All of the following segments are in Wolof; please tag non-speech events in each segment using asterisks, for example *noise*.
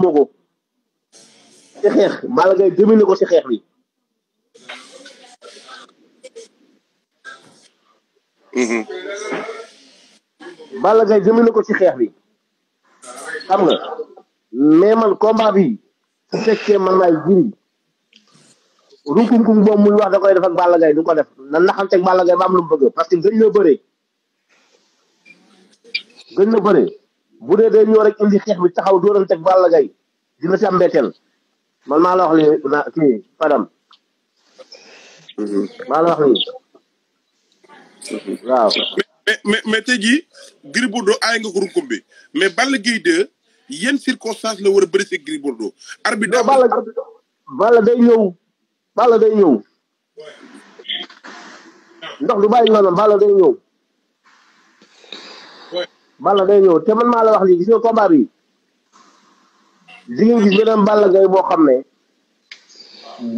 moo ko ci xeex ko ci xeex bi mhm. Balla Gaye domine ko ci xeex bi xam nga mais man combat bi su fekkee man maay jiri runkum-kum boobu muy wax da koy def ak Balla Gaye du ko def na naxanteeg Balla Gaye ba am lu mu bëgg parce que gëñ na bëree gëñ na bëree bu dee day ñëw rek indi xeex bi taxaw dóorante ak Balla Gaye dina si am mbetteel man maa la wax lii na kii mhm. maa la wax lii waaw. mais mais mais tey jii Gris Bordeaux aay nga ko rukum bi mais Balla Gaye 2 yenn circonstance la war a bëri si Gris Bordeaux. arbitre Balla Balla day ñëw Balla day ñëw. ndox du bàyyi noonu Balla day ñëw. Balla Gaye ñëw te man maa la wax lii gis nga combat bi di ngeen gis beneen Balla Gaye boo xam ne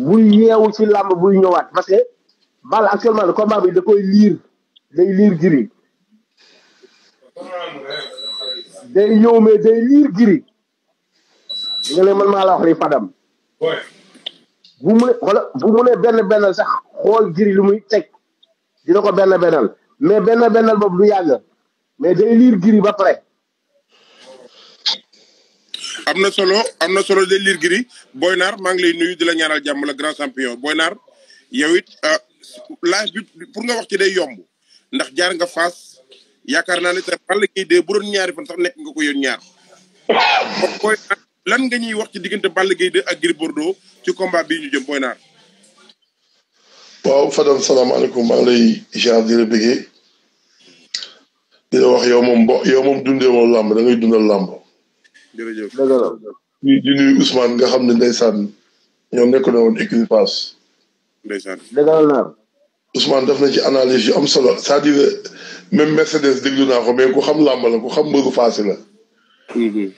buy yeewu ci làmb buy ñëwaat parce que Balla actuellement combat bi da koy liir day liir giri day yow mais day liir giri nga ne man maa la wax lii Fadam. bu mu ne xoolal bu mu ne benn bennal sax xool giri lu muy teg dina ko benn bennal mais benn bennal boobu du yàgg. mais day lire giri ba pare amna solo amna solo day lire giri Boynar ma ngi lay nuyu di la ñaanal jamm la grand champion Boynar, naar yow it euh, laaj pour nga wax ci day yomb ndax jaar nga faas yaakaar na ne te pal ki de bu doon ñaari fan sax nek nga ko yon ñaar lan nga ñuy wax ci digënté Balla Gaye de ak Bordeaux ci combat bi ñu jëm boy waaw fadam salaamaaleykum ma ngi lay jaar di la di la wax yow moom bo yow moom dundee moom làmb da ngay dundal làmb. jërëjëf dëgg la. di nga xam ne ndeysaan ñoo nekku na woon équipage. ndeysaan dëgg la naar. def na ci analyse yu am solo cest dire même Mercedes déglu naa ko mais ku xam làmb la ku xam mbëru Fass la. Mhm.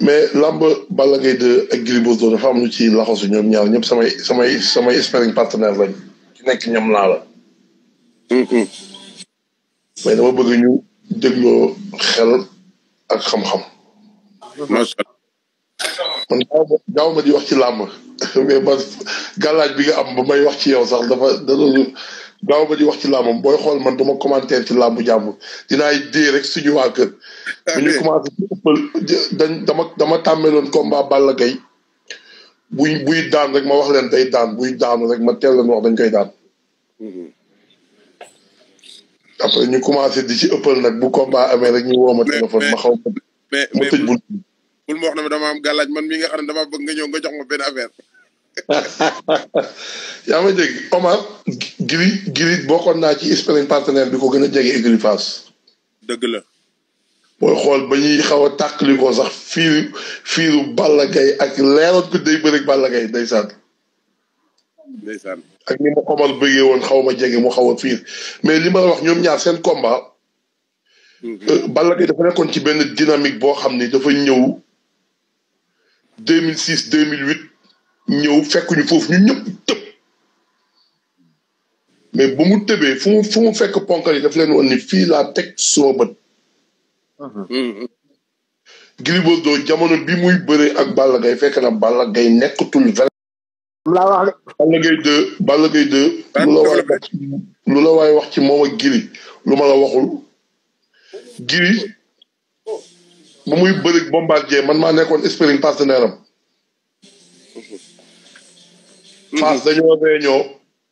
mais làmb Balla Gaye 2 ak Gris Bordeaux dafa am lu ci laxasu ñoom ñaaw ñëpp samay samay samay sparring partenaire lañ. ci nekk ñam naa la. Mhm. mais dama bëgg ñu dégloo xel ak xam-xam. macha allah. man gaaw ma di wax ci làmb mais ba gàllaaj bi nga am ba may wax ci yow sax dafa dafa gaaw ma di wax ci làmb booy xool man dama commenter ci làmb jàmm dinaay dee rek suñu waa kër. bu ñu commencé di ëppal dañ dama dama tàmmeloon combat Balla gay buy buy daan rek ma wax leen day daan buy daan rek ma teel leen wax dañ koy daan. après ñu commencé di ci ëppal nag bu combat amee rek ñu woo ma téléphone ma xaw mais ma tëj bul bul ma wax ne dama am gàllaaj man mi nga xam ne dama bëgg nga ñëw nga jox ma benn affaire *laughs* yaa ma dégg Omar giri giri bokkoon naa ci sparring partenaire bi ko gën a jege écurie Fass dëgg la booy xool ba ñuy xaw a tàqali ko sax fiiru fiiru Balla Gaye ak leeroot ko day bëri Balla Gaye ndeysaan ndeysaan ak ni ma Omar bëggee woon xaw ma jege mu xaw a fiir mais li ma la wax ñoom ñaar seen combat. Mhm. Euh, Balla Gaye dafa nekkoon ci benn dynamique boo xam ni dafa ñëw 2006 2008 ñëw fekkuñu foofu ñun ñëpp tëb. mais bu mu tëbee fu mu mu fekk ponkal daf leen woon ni fii laa teg suma bët. Mhm. Mhm. Gris Bordeaux jamono bi muy bëree ak Balla Gaye fekk na Balla Gaye nekkatul laa wax Balla Gaye 2 Balla Gaye 2 lu la waay wax lu la waay wax ci moom ak giri lu ma la waxul giri ba muy bërig bombardier man maa nekkoon sparring partenaire am Fass dañoo réunion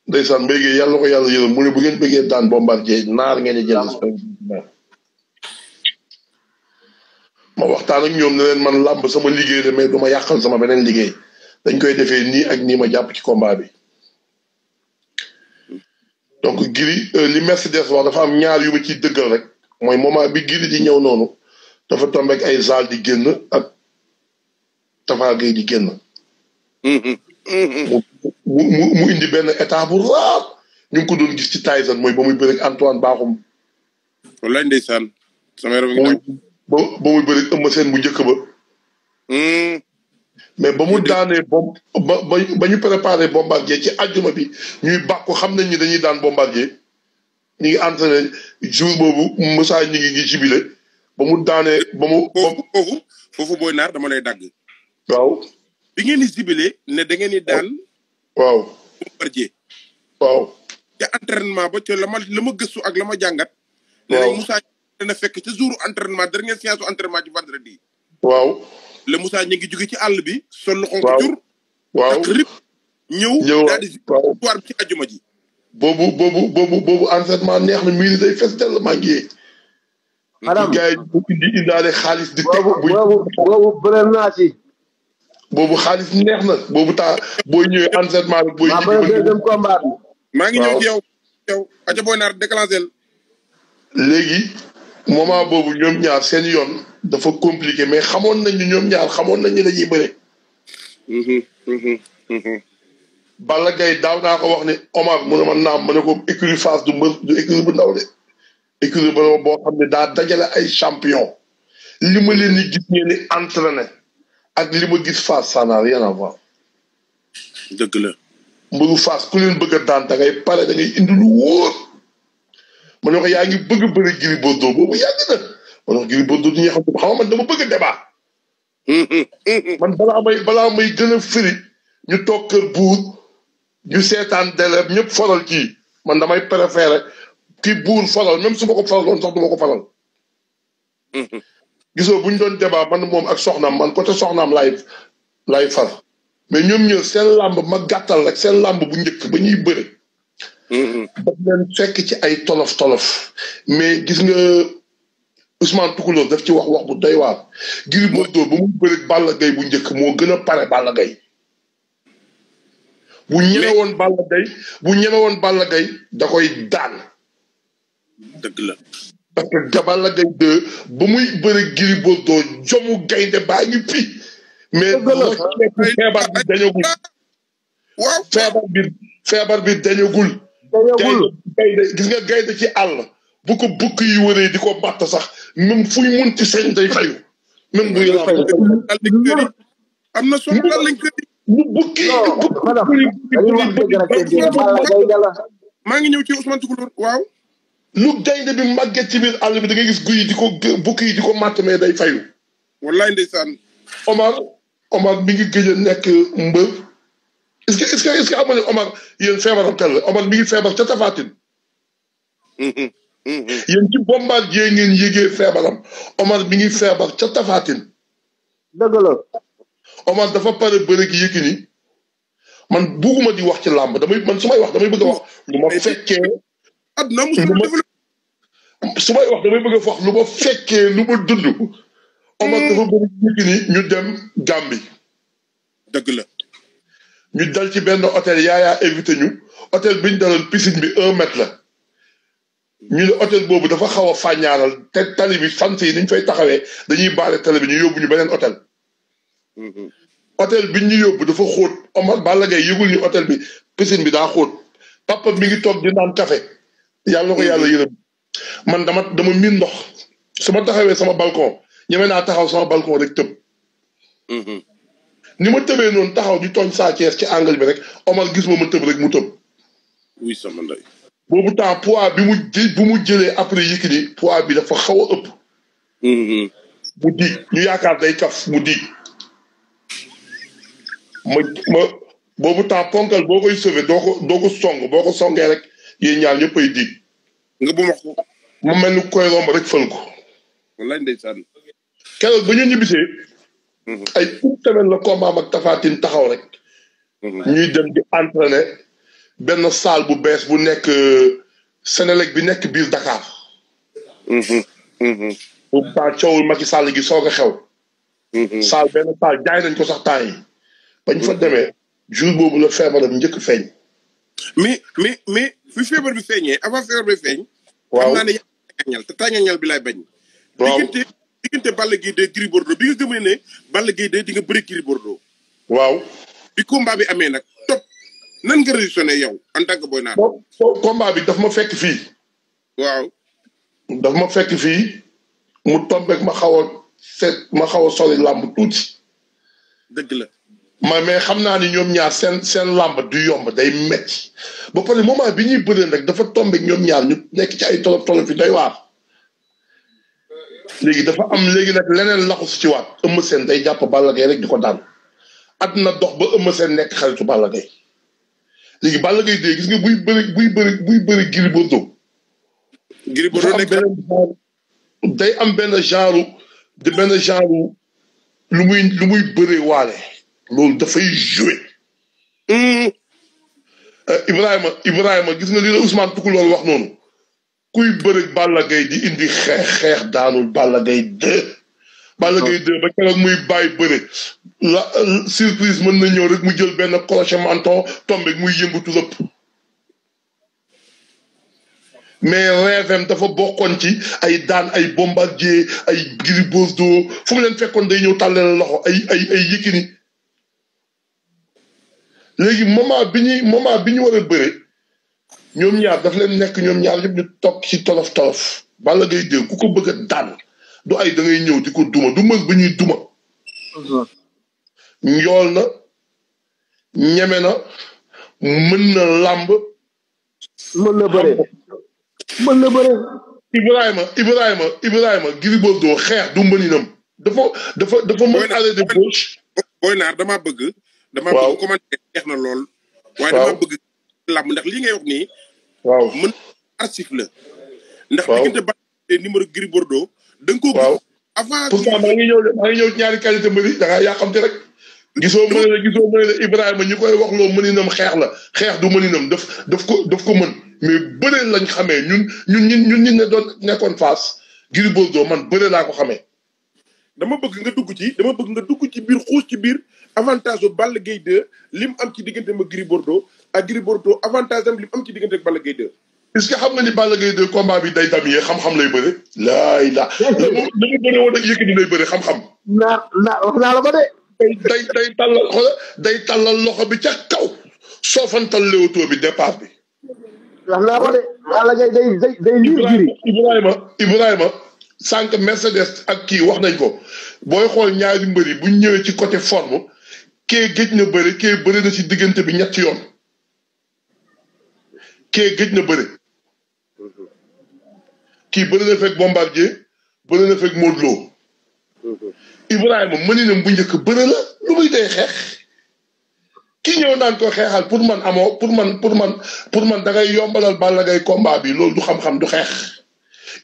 ndeysaan mbéygee yàlla ko yàlla yërëm mu ne bu ngeen bëggee daan bombardier naar ngeen di jël ma waxtaan ak ñoom ne leen man làmb sama liggéey de mais duma yàqal sama beneen liggéey dañ koy defee nii ak nii ma jàpp ci combat bi donc giri euh, li Mercedes wax dafa am ñaar yu ma ciy dëggal rek mooy moment bi giri di ñëw noonu dafa tombe ak ay zal di génn ak Tapha Gueye di génn mu mu indi benn état bu raar ñu ngi ci Tyson mooy ba muy bëri ak Antoine Baaxum wallaay ndeysaan sama yaram ba muy bëri Eumeu Sène bu njëkk ba hmm. mais ba mu daanee bomb ba ba ñu préparé bombardier ci àjjuma bi ñuy bàkku xam nañ ni dañuy daan bombardier ñu ngi entraîné jour boobu Moussa ñu ngi ci bile ba mu daanee ba mu. foofu foofu booy naar dama lay dagg. waaw. bi ngeen di sibile ne da ngeen di daan. waaw bombardier. waaw. ca entraînement ba ca la ma la ma gëstu ak la ma jàngat. waaw nee nañ Moussa dana fekk ca jour entraînement dernière séance su entraînement ci vendredi. waaw. le Moussa ñu ngi jóge ci àll bi. sol lu xonk jur. waaw ak rib ñëw. ñëw daal boobu boobu boobu boobu entraînement neex na miiri day fes dell maa ngi yee. maanaam gars yi indi xaalis di teg. buy boobu boobu bëre naa ci. boobu xaalis neex na boobu temps booy ñëwee entraînement booy ñëwee ba léegi dem combat bi. maa ngi ñëw ci yow. yow aca booy naar déclenché léegi. moment boobu ñoom ñaar seen yoon dafa compliqué mais xamoon nañu ñoom ñaar xamoon nañu dañuy bëre. Mm-hmm. Mm-hmm. Mm-hmm. Balla Gaye daaw naa ko wax ne Omar mu ne ma naam ma ne ko écurie Fass du mbër bu ndaw de écurie bu ndaw boo xam ne daa dajale ay champion li ma leen di gis ngeen ni entraîné ak li ma gis Fass ça n'a rien à dëgg la. mbëru Fass ku leen bëgg a daan da pare da indi lu wóor. man ne ko yaa ngi bëgg bëri Gris Bordeaux boobu yàgg na ma ne ko Gris man dama bëgga débat. *laughs* man balaa may balaa may gën a firi ñu toog kër buur ñu seetaan délai ñëpp faral ci man damay préféré kii buur faral même su ma ko faraloon sax du ma ko faral. *laughs* gisoo bu ñu doon débat man moom ak soxnaam man côté soxnaam lay laay far mais ñoom ñëw seen làmb ma gàttal rek seen làmb bu njëkk ba ñuy bëri. daf leen fekk ci ay tolof tolof mais gis nga Ousmane Toucouleur daf ci wax wax bu doy waar. Gris Bordeaux bu mu bëreeg Balla Gaye bu njëkk moo gën a pare Balla Gaye bu ñeme woon Balla Gaye bu ñeme da koy daan. dëgg la. parce que Balla Gaye 2 ba muy bëreeg Gris Bordeaux jomu gaynde baa ngi fi. mais loo feebar bi dañagul. waaw feebar bi feebar bi gaynde gis nga gaynde ci àll bu ko bukk yi di ko bàtt sax même fuy mun ci sañ day fayu même bu yàlla am na solo lañ ko bu bukki maa ngi ñëw ci Ousmane Toucouleur waaw lu gaynde bi màgget ci biir àll bi da gis guy di ko bukki di ko màtt mais day fayu wallaay ndeysaan Omar Omar mi ngi gëj a nekk mbër est-ce que est-ce que est-ce Omar yéen feebaram kan la Omar mi ngi feebar ca Tafatine. yéen ci bombardier ngeen mi ngi feebar ca Tafatine. dëgg la. Omar dafa pare bëri gi Yékini man bugguma di wax ci làmb damay man su may wax damay bëgg a wax lu ma fekkee. may wax damay bëgg lu ma fekkee lu dund. Omar dafa bëri gi Yékini ñu dem Gambie. dëgg la. ñu dal ci benn hôtel yaayaa invité ñu hôtel bi ñu daloon piscine bi un mètre la ñu ne hôtel boobu dafa xaw a fàññaaral te tali bi sant yi ni ñu fay taxawee dañuy baale tali bi ñu yóbbu ñu beneen hôtel. Mm-hmm. hôtel bi ñu yóbbu dafa xóot Omar Balla Gaye yëgul ñu hôtel bi piscine bi daa xóot papa mi ngi toog di naan café yàlla ko yàlla mm-hmm. yërëm man dama dama miin ndox su ma taxawee sama balcon ñeme naa taxaw sama balcon rek tëb. Mm-hmm. ni ma tëbee noonu taxaw di tooñ Sa Thiès ci angle bi rek Omar gis ma ma tëb rek mu tëb. oui sama ndey. boobu temps poids bi mu ji bu mu jëlee après Yékini poids bi dafa xaw a ëpp. Mm-hmm. mu diig ñu yaakaar day kaf mu di ma ma boobu temps ponkal boo koy sauvé doo ko doo ko song boo ko songee rek yéen ñaar ñëpp ay diig. nga bu ma ko. mel ni koy romb rek fël ko. wallaay ndeysaan. ba ñu ñibbisee. Mhm. ay ut tamit la combat ak Tapha taxaw rek. Mhm. ñuy dem di entraîner benn salle bu bees bu nekk euh, Sénélec bi nekk biir Dakar. Mhm. bu temps coowul Macky Sall gi soog a xew. salle benn salle jaay nañ ko sax temps yi. bañ fa demee jour boobu la feebaram njëkk feeñ. mais mais mais fi feebar bi feeñee avant feebar bi feeñ. waaw diggante Balla Gaye 2 Gris Bordeaux bi nga gëmee ne Balla Gaye 2 di nga bëri Gris Bordeaux. waaw. bi combat bi amee nag topp nan nga réactionné yow en tant que Boy Nar. combat bi dafa ma fekk fii. waaw. daf ma fekk fii mu tombeek ma xaw a seet ma xaw a sori làmb tuuti. dëgg la. ma mais xam naa ni ñoom ñaar seen seen làmb du yomb day metti ba pare moment bi ñuy bëree rek dafa tombeek ñoom ñaar ñu nekk ci ay tolof tolof yi day waar. léegi dafa am léegi nag leneen laxu su ci waat Eumeu Sène day jàpp Balla Gaye rek di ko daan at na dox ba Eumeu Sène nekk xaritu Balla Gaye léegi Balla Gaye dee gis nga buy bëri buy bëri buy bëri Gris Bordeaux. day am benn genre di benn genre lu muy lu muy bëree waale. loolu dafay joué. Hmm. Euh, Ibrahima Ibrahima gis nga li la Ousmane Toucouleur wax noonu. kuy bërëg Balla gay di indi xeex xeex daanul Balla Gaye 2. Balla Gaye 2 ba keroog muy bàyyi bëre la surprise mën na ñëw rek mu jël benn crochet menton tombé muy yëngatu lépp. mais RFM dafa bokkoon ci ay daan ay bombardier ay Gris Bordeaux fu mu leen fekkoon day ñëw tàllale loxo ay ay ay Yékini léegi moment bi ñuy moment bi ñu war a bëre. ñoom ñaar daf leen nekk ñoom ñaar yëpp ñu toog ci tolof tolof. Balla Gaye ku ko bëgg a daan du ay da ngay ñëw di ko duma du mën bu ñuy duma. yool na ñeme na mën na làmb. mën na bëre mën na bëre. Ibrahima Ibrahima Ibrahima Gris Bordeaux xeex du mbëninam dafa dafa dafa mën aller de gauche. booy naar damaa bëgg. damaa làmb ndax li ngay wax nii. waaw mën archive la. ndax diggante ba numéro Gris Bordeaux. da nga koo gis avant. pourtant maa ngi ñëw maa ngi ñëw ñaari qualité mbëri da ngaa yàqamte rek. gisoo mën la gisoo Ibrahima ñu koy wax loo mëninam xeex la xeex du mën mëninam daf daf ko daf ko mën mais bëre lañ xamee ñun ñun ñun ñun ñu ne doon nekkoon face Gris Bordeaux man bëre laa ko xamee. dama bëgg nga dugg ci dama bëgg nga dugg ci biir xuus ci biir avantage bu Balla Gaye 2 li am ci diggante ma Gris Bordeaux ak Gris Bordeaux avantage am am ci diggante ak Balla Gaye 2. xam nga ni Balla Gaye 2 combat bi day damyee xam-xam lay bëre. laay la la mu la mu bëre woon ak Yékini lay bëre xam-xam. naa naa wax naa la ko de. day day day tàllal loxo bi ca kaw soofantal léewtoo bi bi. wax naa ko day day liir Ibrahima Ibrahima sànq Mercedes ak kii wax nañ ko booy xool ñaari mbër yi bu ñëwee ci côté forme kee géej na bëre kee bëre na ci diggante bi ñetti yoon. kee gëj na bëre kii bëri na fekk Bombardier bëri na fekk Modou Lo Ibrahima mëninam bu njëkk bëre la lu muy dee xeex kii ñëw naan ko xeexal pour man amoo pour man pour man pour man da ngay yombalal Balla Gaye combat bi loolu du xam-xam du xeex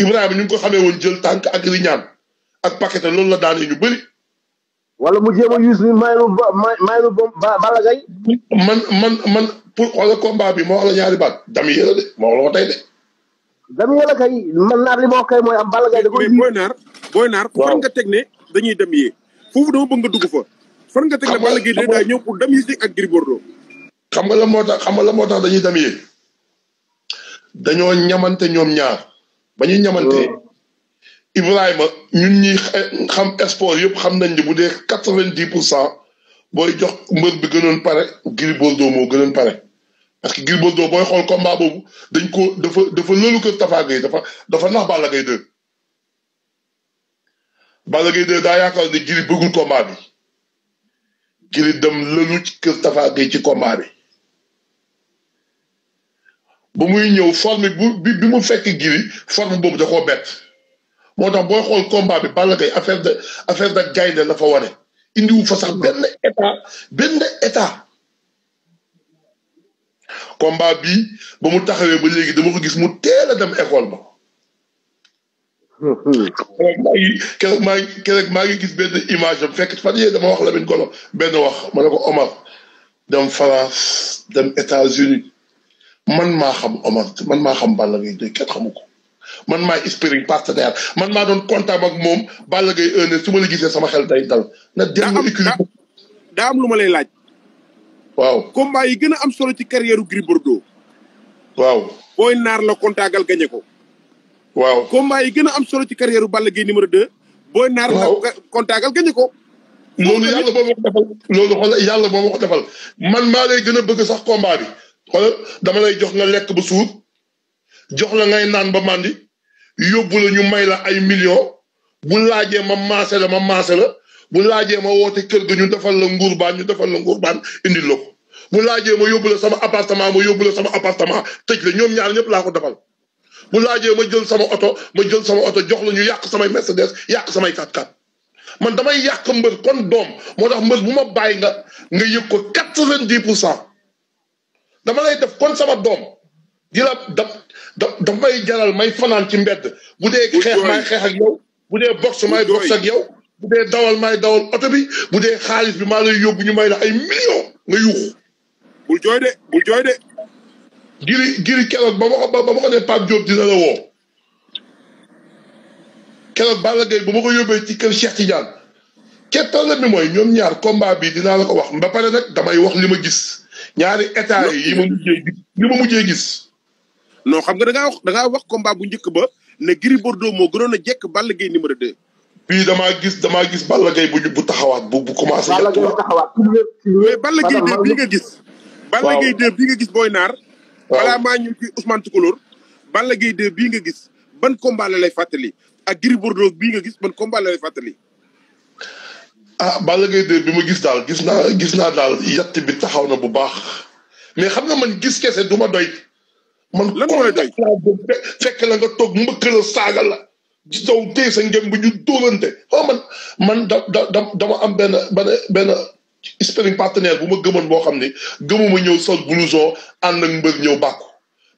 Ibrahima ñu ngi ko xamee woon jël tànk ak riñaan ak paquet loolu la daanee ñu bëri wala mu jéem a yuus bo maylu maylu Balla Gaye man man man pour xoola combat bi moo wax la ñaari baat dam yéla de ma wax la ko tey de dam yéla kay man naar li ma wax kay mooy am Balla Gaye da ko booy naar booy naar fan nga teg dañuy dem yee foofu dama bëgg nga dugg fa nga teg ne Balla Gaye dañuy ñëw pour dam yi ak Gris xam nga la moo tax xam nga la moo tax dañuy dem yee dañoo ñamante ñoom ñaar bañu ñuy Ibrahima ñun ñi xam sport yëpp xam nañ ne bu dee quatre vingt dix pour cent booy jox mbër bi gënoon pare Gris Bordeaux moo gënoon pare. parce que Gris Bordeaux booy xool combat boobu dañ ko dafa dafa loolu kër Tapha Gueye dafa dafa nax Balla Gaye 2. Balla Gaye 2 daa yaakaar ne Gris bëggul combat bi Gris dem lëlu ci kër Tapha Gueye ci combat bi. ba muy ñëw forme bi bi mu fekk Gris forme boobu da koo bett. moo tax booy xool combat bi Balla Gaye affaire de affaire gaynde la fa wane indiwu fa sax benn état benn état combat bi ba mu taxawee ba léegi dama ko gis mu teel a dem école ba maa ngi gis benn image am fekk fa yee dama wax Lamine Golo benn wax ma ne ko Omar dem France dem États-Unis man maa xam Omar man maa xam Balla Gaye kenn xamu ko man maay sparring partenaire man maa doon kontaan ak moom Balla Gaye su ma la gisee sama xel day dal. na dem mu daa am lu ma lay laaj. waaw combat yi gën a am solo ci carrière Gris Bordeaux. waaw booy naar la kontaagal gañe ko. waaw combat yi gën a am solo ci carrière Balla Gaye numéro 2. booy naar la kontaagal gañe ko. loolu yàlla boo ma ko defal loolu xoolal yàlla defal man maa lay gën a bëgg sax combat bi xoolal dama lay jox nga lekk ba suur. jox la ngay naan ba mandi yóbbu la ñu may la ay millions bu laaje ma maase la ma maase la bu laaje ma wote kër ga ñu defal la nguur ba ñu defal la nguur ba indi bu laaje ma yóbbu la sama appartement ma yóbbu la sama appartement tejj la ñom ñaar ñep la ko defal bu laaje ma jël sama auto, ma jël sama auto jox la ñu yak sama mercedes yak sama 4 man damay yàq mbeur kon dom moo tax mbër bu ma nga nga ko dama lay def kon sama dom, dila da daf may jaral may fanaan ci mbedd bu dee xeex may xeex ak yow bu dee box may box ak yow bu dee dawal may dawal oto bi bu dee xaalis bi maa lay yóbbu ñu may la ay millions nga yuuxu bul jooy de bul jooy de giri giri keroog ba ma ko ba ma ko ne Pape Diop dina la woo keroog Balla Gaye ba ma ko yóbbee ci kër Cheikh Tidiane kettal la mi mooy ñoom ñaar combat bi dinaa la ko wax ba pare nag damay wax li ma gis ñaari état yi yi ma mujjee gis li ma mujjee gis non xam nga da ngaa wax da bu njëkk ba ne Gris Bordeaux moo gënoon a jekk Balla Gaye numéro 2. bii damaa gis damaa gis Balla Gaye bu bu taxawaat bu bu commencé. Balla Gaye taxawaat mais Balla Gaye 2 bii nga gis. waaw Balla nga gis Boy Naar. waaw balaa maa ñu ci Ousmane Toucouleur. Balla Gaye 2 bii nga gis ban combat la lay fàttali ak Gris Bordeaux bii nga gis ban combat la lay fàttali. a ah, Balla Gaye 2 bi ma gis daal gis naa gis naa daal yatt bi taxaw na bu baax mais xam nga man gis kese du ma doy. man lan mooy doy fekk la nga toog mbëkk la saaga la ci taw téye sa ngem bu ñu dóorante xaw oh, man man da da da dama am benn benn benn sparring partenaire bu ma gëmoon boo xam ni gëmuma ñëw sol blouson ànd ak mbër ñëw bàkku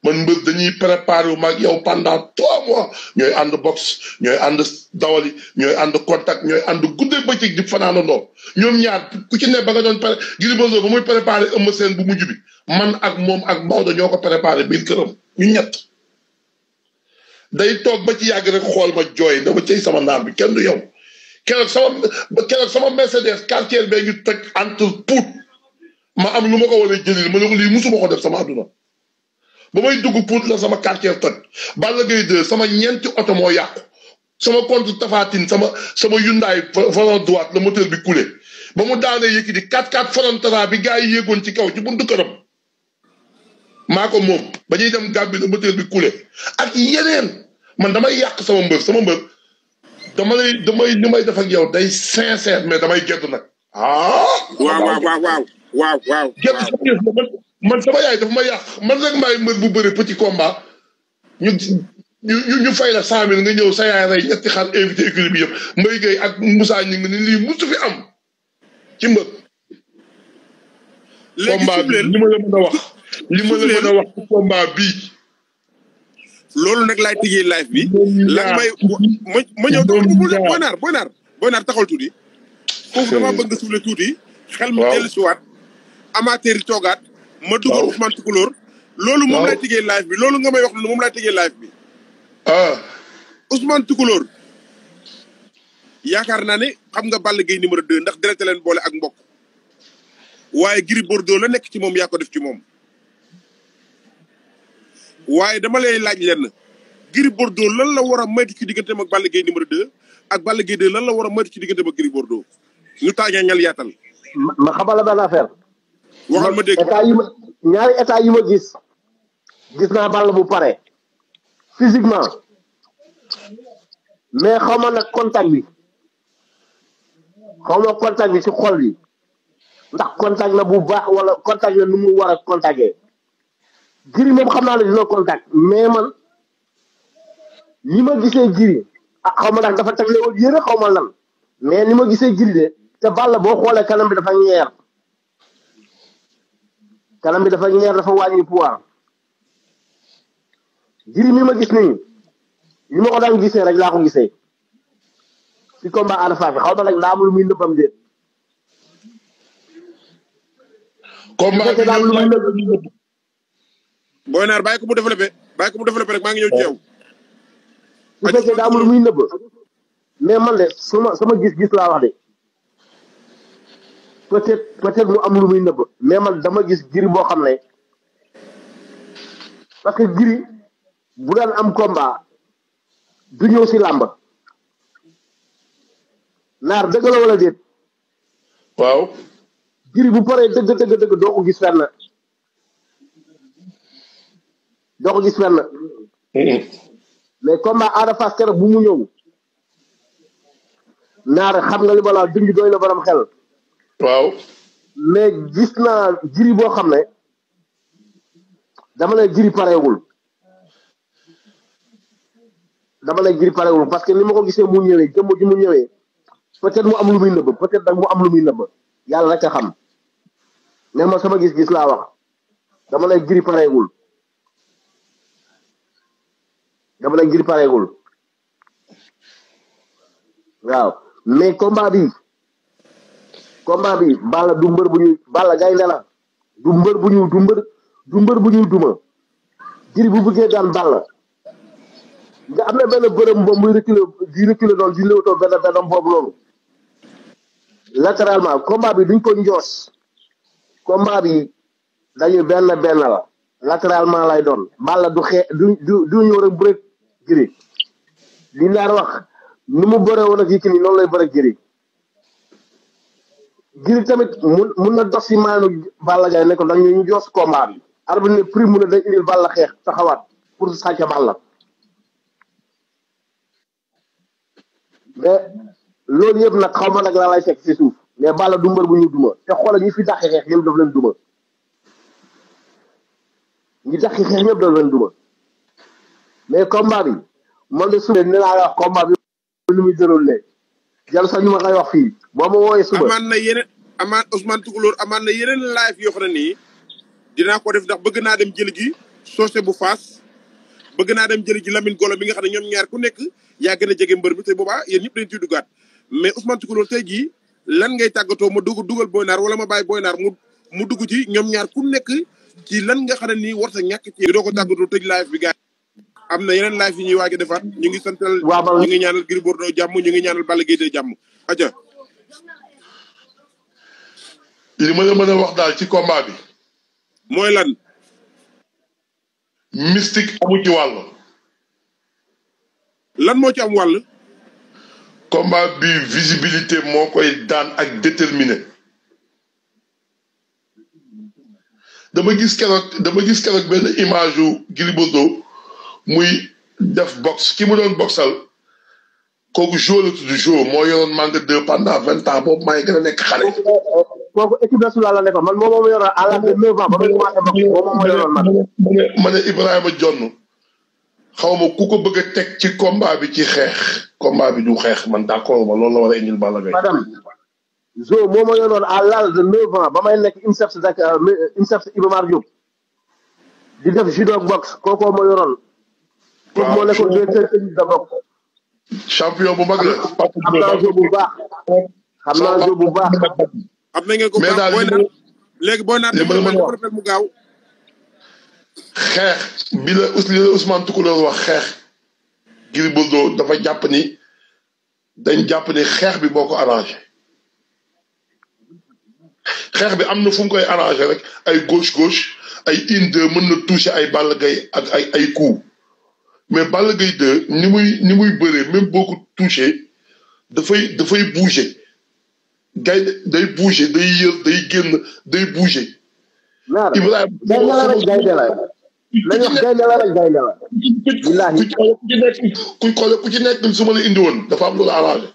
man mbër dañuy préparé wu maag yow pendant trois mois ñooy ànd box ñooy ànd dawali ñooy ànd contact ñooy ànd guddee bëccëg di fanaanandoo ñoom ñaar ku ci ba nga doon pare Gris Bordeaux ba muy préparé Eumeu Sène bu mujj bi man ak moom ak Maodo ñoo ko préparé biir këram ñu ñett day toog ba ci yàgg rek xool ma jooy dama cay sama naar bi kenn du yow keroog sama sama Mercedes quartier bee ngi toj entre puut ma am lu ma ko war a jëlil ma ne ko lii musuma ko def sama àdduna ba may dugg pour la sama quartier toj Balla Gaye 2 sama ñeenti oto moo yàqu sama compte tafatin sama sama Hyundai volant droite le moteur bi coulé ba mu daanee yëkki di 4-4 Frontera bi gars yi yegoon ci kaw ci buntu këram maa ko moom ba ñuy dem gàb bi le moteur bi coulé ak yeneen man damay yàq sama mbër sama mbër dama lay damay li may def ak yow day sincère mais damay gedd nag ah waaw waaw waaw waaw waaw waaw man sama yaay daf ma yàq man rek maay mbër bu bëri petit combat ñu ñu ñu fay la cent nga ñëw sa yaay rey ñetti xar invité écurie bi yëpp Mbaye Gueye ak Moussa ñu nga ni lii musu fi am ci mbër. léegi li ma la mën a wax. li ma mën a wax ci combat bii. loolu nag laay tëjee live bi. lan may ma ma ñëw booy naar booy naar booy naar taxawal tuuti. foofu dama bëgg nga suufle tuuti. xel mu dellu si waat amateur yi toogaat. ma dugal Ousmane Tukulóor. loolu moom lay tëggee live bi loolu nga may wax moom lay tëggee live bi. ah. Ousmane yaakaar naa ne xam nga Balla Gaye numéro 2 ndax deret leen boole ak mbokk. waaye Gris Bordeaux la nekk ci moom yaa ko def ci moom. waaye dama lay laaj lenn. Gris Bordeaux lan la war a moytu ci digganteem ak Balla Gaye numéro 2 ak Balla Gaye 2 lan la war a moytu ci digganteem ak Gris Bordeaux ñu tàggeeñal yaatal. ma xamal waxal ma dégg état yi ma ñaari état yi ma gis gis naa Balla bu pare physiquement mais xaw ma nag contact bi xaw ma contact bi ci xool bi ndax contact na bu baax wala contact na nu mu war a contacté Gris moom xam naa ne dina contact mais man ni ma gisee Gris ah xaw ma ndax dafa tegle woon yére xaw ma lan mais ni ma gisee Gris de te Balla boo xoolee kanam bi dafa ñeer kanam bi dafa leer dafa wàññi pouvoir jiri mi ma gis nii li ma ko daan gisee rek laa ko gisee ci combat Ada Fass xaw ma nag daa am lu muy nëbbam déet. combat bi daal lu muy nëbb. booy naar bàyyi ko mu développé bàyyi ko rek maa ngi ñëw ci su fekkee daa am lu nëbb mais man de suma sama gis-gis laa wax de. peut-être mu am lu muy nëbb mais man dama gis giri boo xam ne parce que giri bu daan am combat du ñëw si làmb naar dëgg la wala déet. waaw. giri bu paree dëgg dëgg doo ko gis fenn doo ko gis fenn. mais combat Ada Fass keroog bu mu ñëw naar xam nga li ma la wax dungi doy xel. waaw mais gis naa giri boo xam ne dama ne jiri pareewul dama ne jiri pareewul parce que ni ma ko gisee mu ñëwee jëmm ji mu ñëwee peut-être mu am lu muy nëbb peut-être nag mu am lu muy nëbb yàlla rek a xam mais ma sama gis-gis laa wax dama ne jiri pareewul dama ne jiri pareewul waaw mais combat combat bi Balla du mbër bu ñuy Balla gaynde la du mbër bu ñuy du bu ñuy duma Gris bu bëggee daan Balla nga am na benn bërëm boobu muy reculer di reculer noonu di léwtoo benn benn boobu loolu latéralement combat bi duñ ko njoos combat bi dañu benn benn la latéralement lay doon Balla du xee du du du ñëw rek bu wax nu mu bëree woon ak Yékini noonu lay bëre Gris Gris tamit mun mun na dox si maanaam Balla Gaye ne ko nag ñu jox si combat bi. arbitre ne prix mu ne day indil Balla xeex taxawaat pour sàcc Balla mais loolu yëpp nag xaw ma nag laa lay fekk si suuf mais Balla du mbër bu ñu duma te xoolal ñi fi dàqi xeex ñëpp daf leen duma ñi dàqi xeex ñëpp daf leen duma mais combat bi man de su ne nee naa la wax combat bi lu muy déroulé yàlla sax ñu ma koy wax fii boo ma wooyee suba. na yeneen amaan Ousmane Toucouleur amaan na yeneen live yoo xam ne nii dinaa ko def ndax bëgg naa dem jëli ji soose bu faas bëgg naa dem jëli ji Lamine Golo mi nga xam ne ñoom ñaar ku nekk yaa gën a jege mbër bi te boobaa yen ñëpp dañ ciy duggaat mais Ousmane Toucouleur tey jii lan nga tàggatoo ma dugg dugal Boy Nar wala ma bàyyi Boy Nar mu mu dugg ci ñoom ñaar ku nekk ci lan nga xam ne nii war sa ñàkk ci. doo ko tàggatoo tëj live bi gars am na yeneen live yi ñuy waaj a defaat ñu ngi santal ñu ngi ñaanal Gris Bordeaux jàmm ñu ngi ñaanal Balla Gaye de jàmm aja li ma la wax daal ci komba bi mooy lan mystique amu ci wàll lan moo ci am wàll komba bi visibilité moo koy daan ak déterminé dama gis keroog dama gis keroog benn image yu Gris muy def boxe ki mu doon boxal kooku Jo la tudd Jo moo yoroon Manga 2 pendant vingt ans boobu maa ngi a nekk xale. man moo ma yoroon à l'âge de ma commencé boxe moom moo yoroon man. ma ne Ibrahima Jonn xaw ku ko bëgg teg ci combat bi ci xeex. combat bi du xeex man d'accord ma loolu la war indil Balla Gaye. madame Jo moo ma yoroon à l'âge de neuf ba may nekk INSEPS Dakar INSEPS Iba Mar Diop di def judo boxe kookoo ma yoroon. waaw football école champion bu mag la. xam naa jeu bu baax. xam naa bu baax. am na ngeen ko mais daal léegi booy naat léegi mu gaaw. xeex bi la li la Ousmane Toucouleur wax xeex. Gris dafa jàpp ni dañ jàpp ni xeex bi boo ko arrangé. xeex bi am na fu koy arrangé rek ay gauche gauche ay une mën na toucher ay Balla Gaye ak ay ay coup. mais Balla Gaye 2 ni muy ni muy bëree même boo ko touché dafay dafay bouger gay day bouger day yër day génn day bouger. Ibrahima kuy xoole ku ci nekk su ma la indi woon dafa am lu la arrangé.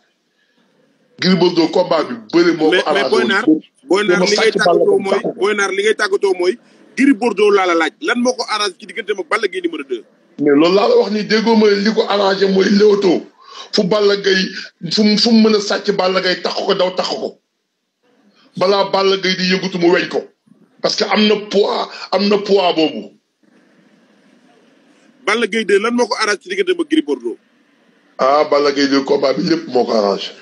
Gris Bordeaux combat bi bëri moo ko arrangé woon. mais mais Boy Nar li ngay tàggatoo mooy Gris Bordeaux laa la laaj lan moo ko arrangé ci diggante ak Balla Gaye a 2. mais loolu laa la wax ni déggoo ma li ko arrangé mooy léwatoo fu Balla Gaye fu mu fu mu mën a sàcc Balla gay tax ko daw tax ko balaa Balla Gaye di yëngatu mu weñ ko parce que am na poids am na poids boobu. Balla Gaye de lan moo ko arrangé ci diggante ba Gris Bordeaux. ah Balla Gaye de combat bi lépp moo ko arrangé.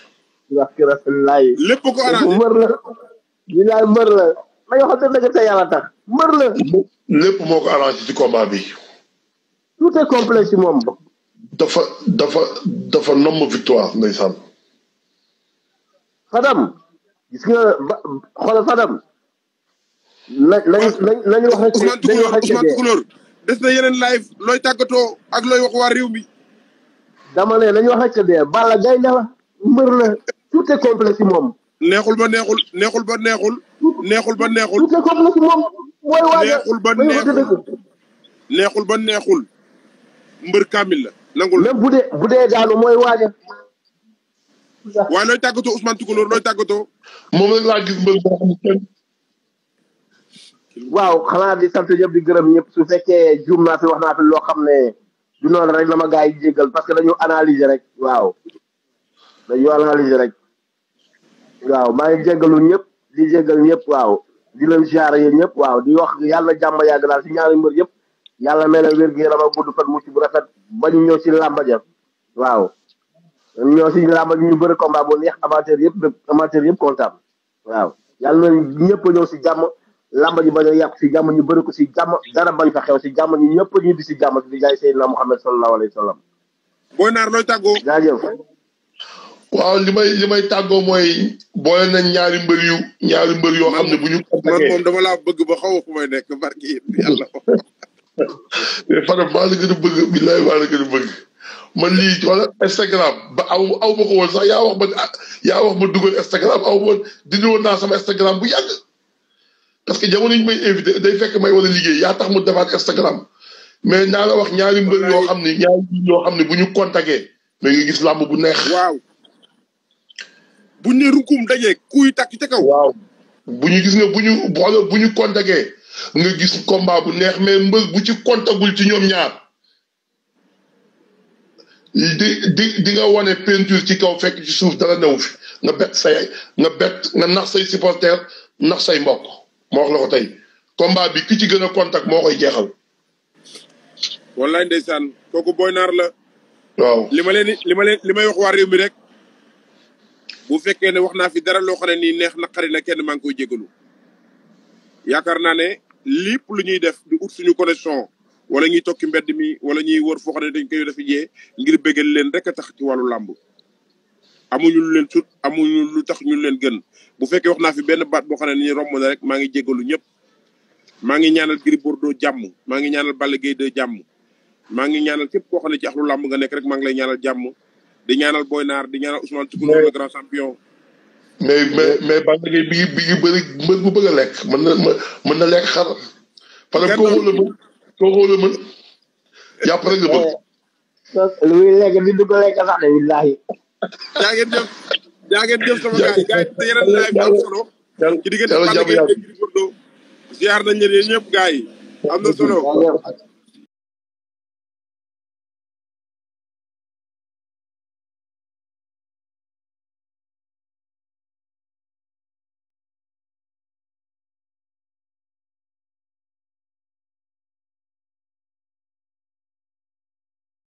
lépp yàlla tax mër lépp moo ko arrangé ci combat bi. tout est complexe ci moom. dafa dafa dafa nomm victoire ndeysaan. Fadam gis nga ba xoolal Fadam. la lañ lañ lañ wax rek. dañu wax rek Ousmane des na yeneen looy tàggatoo ak looy mi. dama ne lañ wax rek que de Balla Gaye la mbër la tout est complexe ci moom. neexul ba neexul neexul ba neexul. neexul ba neexul. tout est complexe ci moom mooy waajal neexul ba neexul neexul ba neexul. mbër kaamil la nangul même bu dee bu dee daanu mooy waaja waaye looy tàggatoo Ousmane Toucouleur looy tàggatoo moom rek laa gis mbër boo xam ne waaw xanaa di sant ñëpp di gërëm ñëpp su fekkee juum wax naa loo xam ne du noonu rek la ma gars yi jéggal parce que dañu analyser rek waaw dañu analyser rek waaw maa ngi jéggalu ñëpp di jéggal ñëpp waaw di leen siyaare yéen ñëpp waaw di wax yàlla jàmm yàgg daal si ñaari mbër yëpp yalla mel wër gi yaram guddu buddu mu ci bu rafet bañ ñëw ci lamba ja waaw ñoo ci lamba ñu bëre combat bu neex amateur yépp amateur yépp comptable waaw yalla na ñëpp ñëw ci jamm lamba ji bañ yaq ci jamm ñu bëre ko ci jamm dara bañ fa xew ci jamm ñu ñëpp ñu di ci jamm di jay sayyidina muhammad sallallahu alayhi wasallam boy nar loy taggo jaajeuf waaw limay limay taggo moy boy na ñaari mbër yu ñaari mbër yo xamne buñu ko dama la bëgg ba xawu fu may nekk barki yalla mais Fadam maa la gën a bëgg billaay maa man lii wala Instagram ba aw aw ma ko woon sax yaa wax ma yaa wax ma dugal Instagram aw ma dindi woon naa sama Instagram bu yàgg. parce que jamono ñu may invité day fekk may wala liggéey yaa tax ma defaat Instagram mais naa la wax ñaari mbër yoo xam ne ñaari yoo xam ne bu ñu contacté mais nga gis làmb bu neex. waaw bu ñu ne rukum dajee kuy takk ca kaw. waaw bu gis nga bu ñu boole bu ñu contacté. nga gis combat bu neex mais mbës bu ci kontagul ci ñoom ñaar di di di nga wane peinture ci kaw fekk ci suuf dara newu fi nga bett say nga bett nga nax say supporter nax say mbokk moo wax la ko tey combat bi ki ci gën a contact moo koy jeexal. wallaay ndeysaan kooku booy naar la. waaw li ma leen li ma leen li may wax waa réew bi rek bu fekkee ne wax naa fi dara loo ne nii neex naqari na kenn maa ngi koy jégalu yaakaar naa ne lépp lu ñuy def di ut suñu connexion wala ñuy tokki mbedd mi wala ñuy wër foo xam ne dañ koy def jee ngir bégal leen rek a tax ci wàllu làmb amuñu lu leen sut amuñu lu tax ñu leen gën bu fekkee wax naa fi benn baat boo xam ne ni romb na rek maa ngi jégalu ñëpp maa ngi ñaanal Gris Bordeaux jàmm maa ngi ñaanal Balla Gaye 2 jàmm maa ngi ñaanal képp koo xam ne ci axlu làmb nga nekk rek maa ngi lay ñaanal jàmm di ñaanal Boy Naar di ñaanal Ousmane Toucoulou le grand champion mais mais mais Balla bi bi ngi bëri mbër bu bëgg a lekk mën na mën na lekk xar. parce que koo xoola mën koo xoola mën yàpp rek la bëgg. Eh, lu muy lekk di dugg lekk sax de billaahi. jaa ngeen jëf jaa ngeen jëf nañ leen yéen ñëpp gars yi na solo.